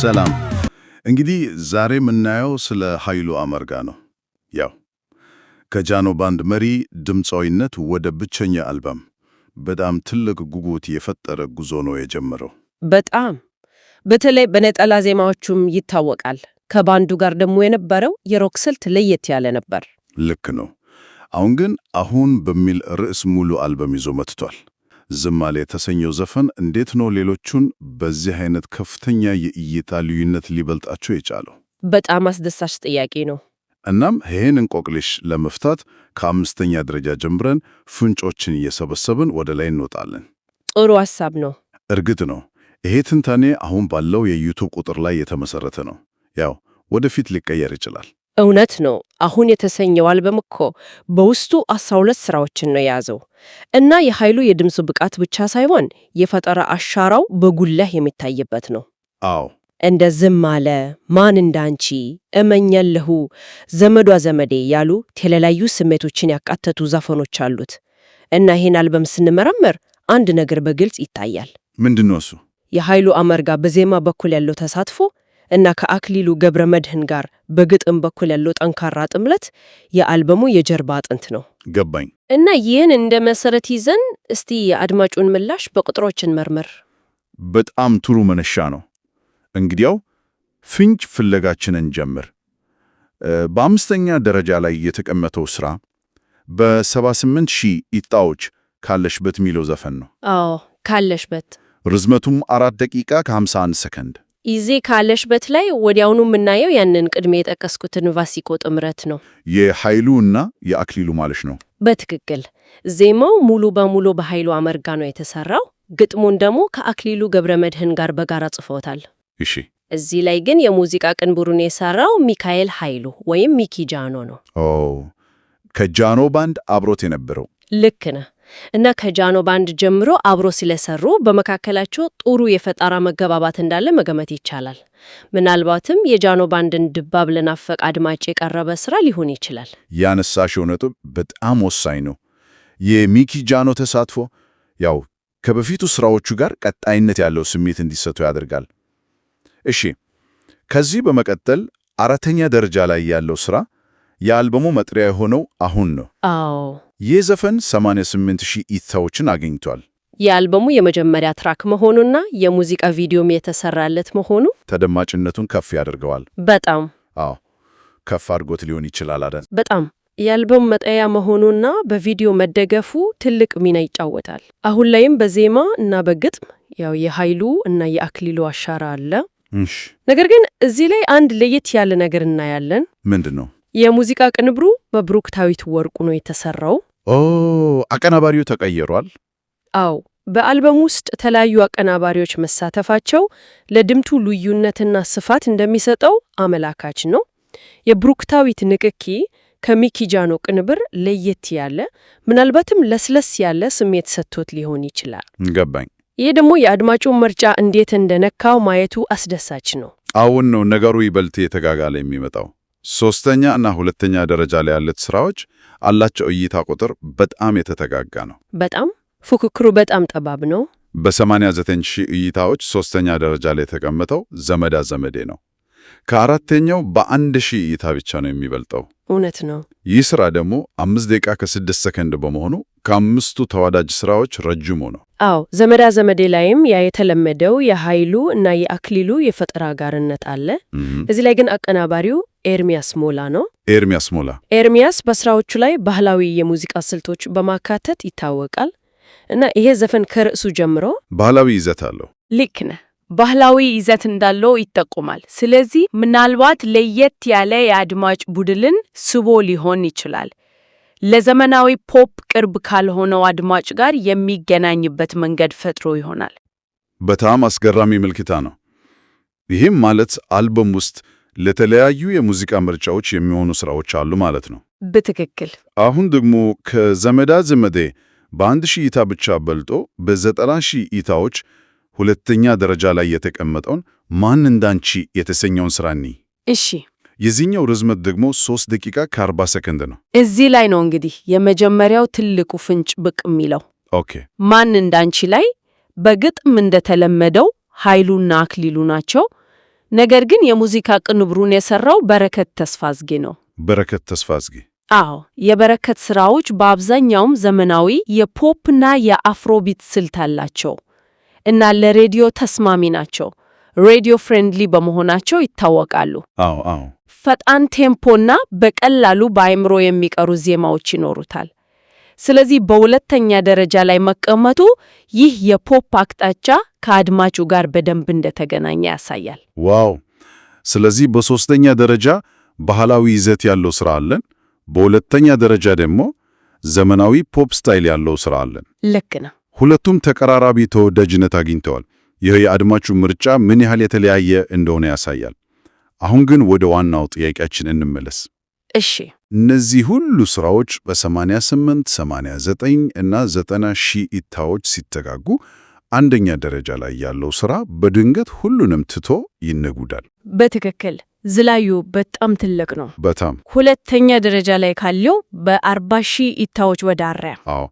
ሰላም። እንግዲህ ዛሬ የምናየው ስለ ኃይሉ አመርጋ ነው። ያው ከጃኖ ባንድ መሪ ድምፃዊነት ወደ ብቸኛ አልበም በጣም ትልቅ ጉጉት የፈጠረ ጉዞ ነው የጀመረው። በጣም በተለይ በነጠላ ዜማዎቹም ይታወቃል። ከባንዱ ጋር ደግሞ የነበረው የሮክ ስልት ለየት ያለ ነበር። ልክ ነው። አሁን ግን አሁን በሚል ርዕስ ሙሉ አልበም ይዞ መጥቷል። ዝማሌ የተሰኘው ዘፈን እንዴት ነው ሌሎቹን በዚህ አይነት ከፍተኛ የእይታ ልዩነት ሊበልጣቸው የቻለው? በጣም አስደሳች ጥያቄ ነው። እናም ይህን እንቆቅልሽ ለመፍታት ከአምስተኛ ደረጃ ጀምረን ፍንጮችን እየሰበሰብን ወደ ላይ እንወጣለን። ጥሩ ሐሳብ ነው። እርግጥ ነው ይሄ ትንታኔ አሁን ባለው የዩቱብ ቁጥር ላይ የተመሰረተ ነው። ያው ወደፊት ሊቀየር ይችላል። እውነት ነው። አሁን የተሰኘው አልበም እኮ በውስጡ 12 ስራዎችን ነው የያዘው እና የኃይሉ የድምፅ ብቃት ብቻ ሳይሆን የፈጠራ አሻራው በጉልህ የሚታይበት ነው። አዎ እንደ ዝም አለ፣ ማን እንዳንቺ፣ እመኛለሁ፣ ዘመዷ ዘመዴ ያሉ የተለያዩ ስሜቶችን ያካተቱ ዘፈኖች አሉት እና ይህን አልበም ስንመረምር አንድ ነገር በግልጽ ይታያል። ምንድን ነው እሱ? የኃይሉ አመርጋ በዜማ በኩል ያለው ተሳትፎ እና ከአክሊሉ ገብረ መድህን ጋር በግጥም በኩል ያለው ጠንካራ ጥምለት የአልበሙ የጀርባ አጥንት ነው። ገባኝ። እና ይህን እንደ መሰረት ይዘን እስቲ የአድማጩን ምላሽ በቁጥሮችን መርምር። በጣም ጥሩ መነሻ ነው። እንግዲያው ፍንጭ ፍለጋችንን ጀምር። በአምስተኛ ደረጃ ላይ የተቀመጠው ሥራ በ78 ሺህ ኢጣዎች ካለሽበት የሚለው ዘፈን ነው። አዎ ካለሽበት። ርዝመቱም አራት ደቂቃ ከ51 ሰከንድ ኢዜ ካለሽበት ላይ ወዲያውኑ የምናየው ያንን ቅድሜ የጠቀስኩትን ቫሲኮ ጥምረት ነው። የኃይሉ እና የአክሊሉ ማለሽ ነው። በትክክል ዜማው ሙሉ በሙሉ በኃይሉ አመርጋ ነው የተሰራው። ግጥሙን ደግሞ ከአክሊሉ ገብረ መድህን ጋር በጋራ ጽፎታል። እሺ፣ እዚህ ላይ ግን የሙዚቃ ቅንብሩን የሰራው ሚካኤል ኃይሉ ወይም ሚኪ ጃኖ ነው። ኦ ከጃኖ ባንድ አብሮት የነበረው ልክ ነህ። እና ከጃኖ ባንድ ጀምሮ አብሮ ስለሰሩ በመካከላቸው ጥሩ የፈጠራ መገባባት እንዳለ መገመት ይቻላል። ምናልባትም የጃኖ ባንድን ድባብ ለናፈቅ አድማጭ የቀረበ ስራ ሊሆን ይችላል። ያነሳሽው ነጥብ በጣም ወሳኝ ነው። የሚኪ ጃኖ ተሳትፎ ያው ከበፊቱ ስራዎቹ ጋር ቀጣይነት ያለው ስሜት እንዲሰጡ ያደርጋል። እሺ፣ ከዚህ በመቀጠል አራተኛ ደረጃ ላይ ያለው ስራ የአልበሙ መጥሪያ የሆነው አሁን ነው። አዎ ይህ ዘፈን 88 እይታዎችን አግኝቷል። የአልበሙ የመጀመሪያ ትራክ መሆኑና የሙዚቃ ቪዲዮም የተሰራለት መሆኑ ተደማጭነቱን ከፍ ያደርገዋል። በጣም አዎ፣ ከፍ አድርጎት ሊሆን ይችላል አደ በጣም የአልበሙ መጠያ መሆኑና በቪዲዮ መደገፉ ትልቅ ሚና ይጫወታል። አሁን ላይም በዜማ እና በግጥም ያው የኃይሉ እና የአክሊሉ አሻራ አለ። ነገር ግን እዚህ ላይ አንድ ለየት ያለ ነገር እናያለን። ምንድን ነው? የሙዚቃ ቅንብሩ በብሩክታዊት ወርቁ ነው የተሰራው። ኦ አቀናባሪው ተቀይሯል? አዎ፣ በአልበም ውስጥ ተለያዩ አቀናባሪዎች መሳተፋቸው ለድምቱ ልዩነትና ስፋት እንደሚሰጠው አመላካች ነው። የብሩክታዊት ንክኪ ከሚኪ ጃኖ ቅንብር ለየት ያለ ምናልባትም ለስለስ ያለ ስሜት ሰጥቶት ሊሆን ይችላል። ገባኝ። ይህ ደግሞ የአድማጩን ምርጫ እንዴት እንደነካው ማየቱ አስደሳች ነው። አሁን ነው ነገሩ ይበልጥ የተጋጋለ የሚመጣው። ሶስተኛ እና ሁለተኛ ደረጃ ላይ ያሉት ስራዎች አላቸው እይታ ቁጥር በጣም የተተጋጋ ነው። በጣም ፉክክሩ በጣም ጠባብ ነው። በ89 ሺህ እይታዎች ሶስተኛ ደረጃ ላይ የተቀመጠው ዘመዳ ዘመዴ ነው። ከአራተኛው በአንድ ሺህ እይታ ብቻ ነው የሚበልጠው። እውነት ነው። ይህ ስራ ደግሞ አምስት ደቂቃ ከስድስት ሰከንድ በመሆኑ ከአምስቱ ተዋዳጅ ስራዎች ረጅሙ ነው። አዎ ዘመዳ ዘመዴ ላይም ያ የተለመደው የኃይሉ እና የአክሊሉ የፈጠራ ጋርነት አለ። እዚህ ላይ ግን አቀናባሪው ኤርሚያስ ሞላ ነው። ኤርሚያስ ሞላ ኤርሚያስ በስራዎቹ ላይ ባህላዊ የሙዚቃ ስልቶች በማካተት ይታወቃል እና ይሄ ዘፈን ከርዕሱ ጀምሮ ባህላዊ ይዘት አለው። ልክ ነህ። ባህላዊ ይዘት እንዳለው ይጠቁማል። ስለዚህ ምናልባት ለየት ያለ የአድማጭ ቡድንን ስቦ ሊሆን ይችላል። ለዘመናዊ ፖፕ ቅርብ ካልሆነው አድማጭ ጋር የሚገናኝበት መንገድ ፈጥሮ ይሆናል። በጣም አስገራሚ ምልክታ ነው። ይህም ማለት አልበም ውስጥ ለተለያዩ የሙዚቃ ምርጫዎች የሚሆኑ ስራዎች አሉ ማለት ነው። በትክክል አሁን ደግሞ ከዘመዳ ዘመዴ በአንድ ሺህ እይታ ብቻ በልጦ በዘጠና ሺህ እይታዎች ሁለተኛ ደረጃ ላይ የተቀመጠውን ማን እንዳንቺ የተሰኘውን ስራኒ። እሺ። የዚህኛው ርዝመት ደግሞ 3 ደቂቃ ከ40 ሰከንድ ነው። እዚህ ላይ ነው እንግዲህ የመጀመሪያው ትልቁ ፍንጭ ብቅ የሚለው። ኦኬ። ማን እንዳንቺ ላይ በግጥም እንደተለመደው ኃይሉና አክሊሉ ናቸው። ነገር ግን የሙዚቃ ቅንብሩን የሰራው በረከት ተስፋዝጌ ነው። በረከት ተስፋዝጌ አዎ የበረከት ስራዎች በአብዛኛውም ዘመናዊ የፖፕና የአፍሮቢት ስልት አላቸው። እና ለሬዲዮ ተስማሚ ናቸው። ሬዲዮ ፍሬንድሊ በመሆናቸው ይታወቃሉ። አዎ አዎ፣ ፈጣን ቴምፖና በቀላሉ በአይምሮ የሚቀሩ ዜማዎች ይኖሩታል። ስለዚህ በሁለተኛ ደረጃ ላይ መቀመጡ ይህ የፖፕ አቅጣጫ ከአድማጩ ጋር በደንብ እንደተገናኘ ያሳያል። ዋው! ስለዚህ በሶስተኛ ደረጃ ባህላዊ ይዘት ያለው ስራ አለን። በሁለተኛ ደረጃ ደግሞ ዘመናዊ ፖፕ ስታይል ያለው ስራ አለን። ልክ ነው። ሁለቱም ተቀራራቢ ተወዳጅነት አግኝተዋል። ይህ የአድማቹ ምርጫ ምን ያህል የተለያየ እንደሆነ ያሳያል። አሁን ግን ወደ ዋናው ጥያቄያችን እንመለስ። እሺ፣ እነዚህ ሁሉ ስራዎች በ88፣ 89 እና 90 ሺህ እይታዎች ሲተጋጉ አንደኛ ደረጃ ላይ ያለው ስራ በድንገት ሁሉንም ትቶ ይነጉዳል። በትክክል ዝላዩ በጣም ትልቅ ነው። በጣም ሁለተኛ ደረጃ ላይ ካለው በ40 ሺህ እይታዎች ወዳረ። አዎ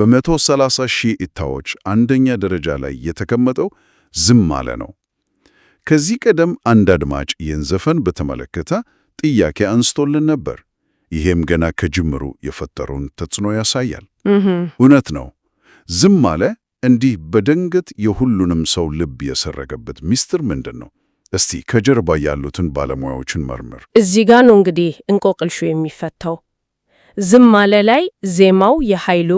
በመቶ 30 ሺህ እታዎች አንደኛ ደረጃ ላይ የተቀመጠው ዝም አለ ነው። ከዚህ ቀደም አንድ አድማጭ ይህን ዘፈን በተመለከተ ጥያቄ አንስቶልን ነበር። ይሄም ገና ከጅምሩ የፈጠረውን ተጽዕኖ ያሳያል። እውነት ነው። ዝም አለ እንዲህ በድንገት የሁሉንም ሰው ልብ የሰረገበት ምስጢር ምንድን ነው? እስቲ ከጀርባ ያሉትን ባለሙያዎችን መርምር። እዚህ ጋ ነው እንግዲህ እንቆቅልሹ የሚፈታው። ዝም አለ ላይ ዜማው የኃይሉ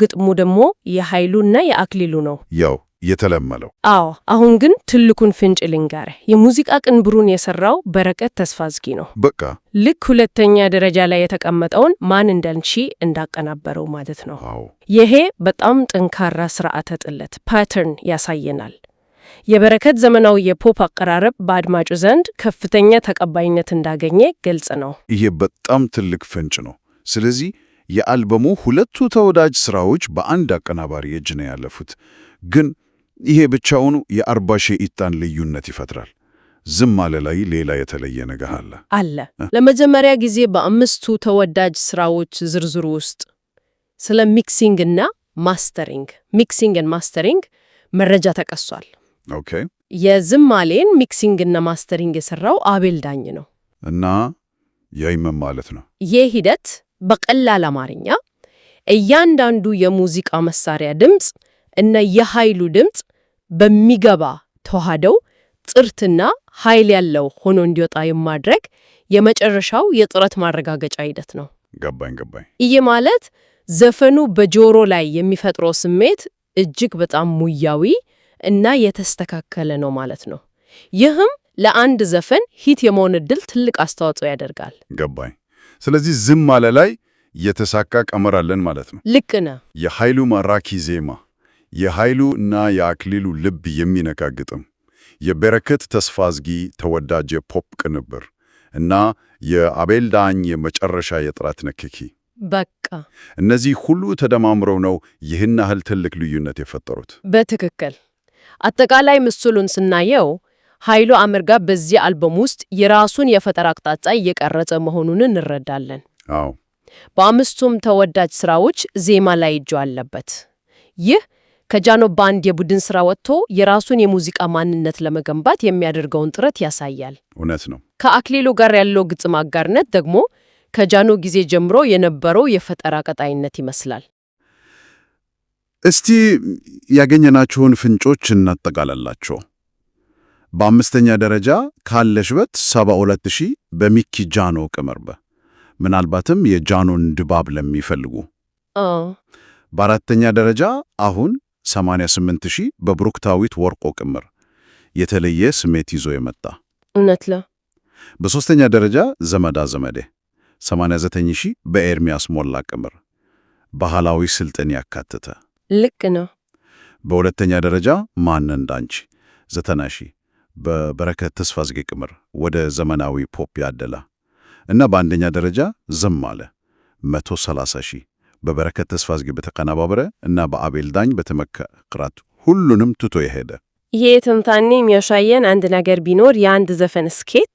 ግጥሙ ደግሞ የኃይሉ እና የአክሊሉ ነው። ያው የተለመለው። አዎ። አሁን ግን ትልቁን ፍንጭ ልንጋረ የሙዚቃ ቅንብሩን የሰራው በረከት ተስፋዝጊ ነው። በቃ ልክ ሁለተኛ ደረጃ ላይ የተቀመጠውን ማን እንዳንቺ እንዳቀናበረው ማለት ነው። አዎ። ይሄ በጣም ጠንካራ ስርዓተ ጥለት ፓተርን ያሳየናል። የበረከት ዘመናዊ የፖፕ አቀራረብ በአድማጩ ዘንድ ከፍተኛ ተቀባይነት እንዳገኘ ገልጽ ነው። ይሄ በጣም ትልቅ ፍንጭ ነው። ስለዚህ የአልበሙ ሁለቱ ተወዳጅ ሥራዎች በአንድ አቀናባሪ እጅ ነው ያለፉት። ግን ይሄ ብቻውን የአርባ ሺህ ኢጣን ልዩነት ይፈጥራል። ዝም አለ ላይ ሌላ የተለየ ነገር አለ አለ ለመጀመሪያ ጊዜ በአምስቱ ተወዳጅ ሥራዎች ዝርዝሩ ውስጥ ስለ እና ማስተሪንግ ሚክሲንግን ማስተሪንግ መረጃ ተቀሷል። ኦኬ የዝማሌን እና ማስተሪንግ የሰራው አቤል ዳኝ ነው እና ያይመም ማለት ነው። ይህ ሂደት በቀላል አማርኛ እያንዳንዱ የሙዚቃ መሳሪያ ድምፅ እና የኃይሉ ድምፅ በሚገባ ተዋህደው ጥርትና ኃይል ያለው ሆኖ እንዲወጣ የማድረግ የመጨረሻው የጥረት ማረጋገጫ ሂደት ነው። ገባኝ ገባኝ። ይህ ማለት ዘፈኑ በጆሮ ላይ የሚፈጥረው ስሜት እጅግ በጣም ሙያዊ እና የተስተካከለ ነው ማለት ነው። ይህም ለአንድ ዘፈን ሂት የመሆን እድል ትልቅ አስተዋጽኦ ያደርጋል። ገባኝ። ስለዚህ ዝም አለ ላይ የተሳካ ቀመር አለን ማለት ነው። ልክ ነው። የኃይሉ ማራኪ ዜማ፣ የኃይሉ እና የአክሊሉ ልብ የሚነካ ግጥም፣ የበረከት ተስፋ አዝጊ ተወዳጅ የፖፕ ቅንብር እና የአቤል ዳኝ የመጨረሻ የጥራት ንክኪ በቃ እነዚህ ሁሉ ተደማምረው ነው ይህን ያህል ትልቅ ልዩነት የፈጠሩት። በትክክል አጠቃላይ ምስሉን ስናየው ኃይሉ አመርጋ በዚህ አልበም ውስጥ የራሱን የፈጠራ አቅጣጫ እየቀረጸ መሆኑን እንረዳለን። አዎ በአምስቱም ተወዳጅ ስራዎች ዜማ ላይ እጁ አለበት። ይህ ከጃኖ ባንድ የቡድን ስራ ወጥቶ የራሱን የሙዚቃ ማንነት ለመገንባት የሚያደርገውን ጥረት ያሳያል። እውነት ነው። ከአክሊሉ ጋር ያለው ግጥም አጋርነት ደግሞ ከጃኖ ጊዜ ጀምሮ የነበረው የፈጠራ ቀጣይነት ይመስላል። እስቲ ያገኘናቸውን ፍንጮች እናጠቃላላቸው። በአምስተኛ ደረጃ ካለሽበት 72000 በሚኪ ጃኖ ቅመርበ ምናልባትም የጃኖን ድባብ ለሚፈልጉ። በአራተኛ ደረጃ አሁን 88000 በብሩክታዊት ወርቆ ቅምር የተለየ ስሜት ይዞ የመጣ እውነት ለ በሶስተኛ ደረጃ ዘመዳ ዘመዴ 89000 በኤርሚያስ ሞላ ቅምር ባህላዊ ስልጥን ያካተተ ልክ ነው። በሁለተኛ ደረጃ ማን እንዳንቺ ዘጠና ሺህ በበረከት ተስፋዝጌ ቅምር ወደ ዘመናዊ ፖፕ ያደላ እና በአንደኛ ደረጃ ዝም አለ 130 ሺህ በበረከት ተስፋዝጌ በተቀነባበረ እና በአቤል ዳኝ በተመራጩት ሁሉንም ትቶ የሄደ። ይሄ ትንታኔ የሚያሻየን አንድ ነገር ቢኖር የአንድ ዘፈን ስኬት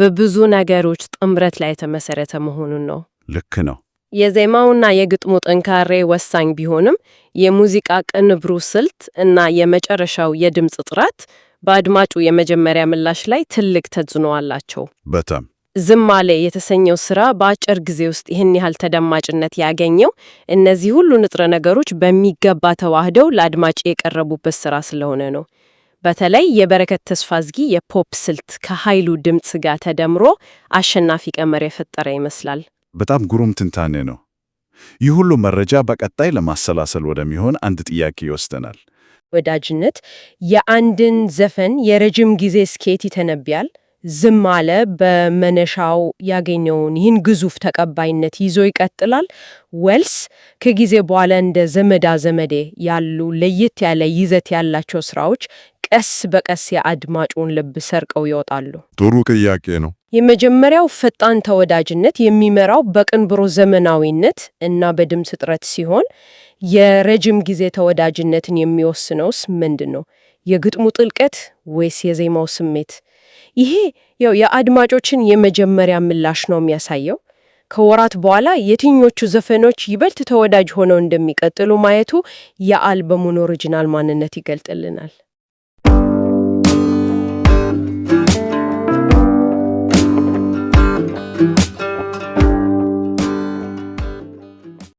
በብዙ ነገሮች ጥምረት ላይ የተመሰረተ መሆኑን ነው። ልክ ነው። የዜማውና የግጥሙ ጥንካሬ ወሳኝ ቢሆንም የሙዚቃ ቅንብሩ ስልት እና የመጨረሻው የድምፅ ጥራት በአድማጩ የመጀመሪያ ምላሽ ላይ ትልቅ ተጽዕኖ አላቸው። በጣም ዝማሌ የተሰኘው ስራ በአጭር ጊዜ ውስጥ ይህን ያህል ተደማጭነት ያገኘው እነዚህ ሁሉ ንጥረ ነገሮች በሚገባ ተዋህደው ለአድማጭ የቀረቡበት ስራ ስለሆነ ነው። በተለይ የበረከት ተስፋ ዝጊ የፖፕ ስልት ከኃይሉ ድምፅ ጋር ተደምሮ አሸናፊ ቀመር የፈጠረ ይመስላል። በጣም ግሩም ትንታኔ ነው። ይህ ሁሉ መረጃ በቀጣይ ለማሰላሰል ወደሚሆን አንድ ጥያቄ ይወስደናል። ወዳጅነት የአንድን ዘፈን የረጅም ጊዜ ስኬት ይተነብያል። ዝም አለ በመነሻው ያገኘውን ይህን ግዙፍ ተቀባይነት ይዞ ይቀጥላል፣ ወልስ ከጊዜ በኋላ እንደ ዘመዳ ዘመዴ ያሉ ለየት ያለ ይዘት ያላቸው ስራዎች ቀስ በቀስ የአድማጩን ልብ ሰርቀው ይወጣሉ? ጥሩ ጥያቄ ነው። የመጀመሪያው ፈጣን ተወዳጅነት የሚመራው በቅንብሮ ዘመናዊነት እና በድምፅ እጥረት ሲሆን የረጅም ጊዜ ተወዳጅነትን የሚወስነውስ ምንድን ነው? የግጥሙ ጥልቀት ወይስ የዜማው ስሜት? ይሄ ያው የአድማጮችን የመጀመሪያ ምላሽ ነው የሚያሳየው። ከወራት በኋላ የትኞቹ ዘፈኖች ይበልጥ ተወዳጅ ሆነው እንደሚቀጥሉ ማየቱ የአልበሙን ኦሪጂናል ማንነት ይገልጥልናል።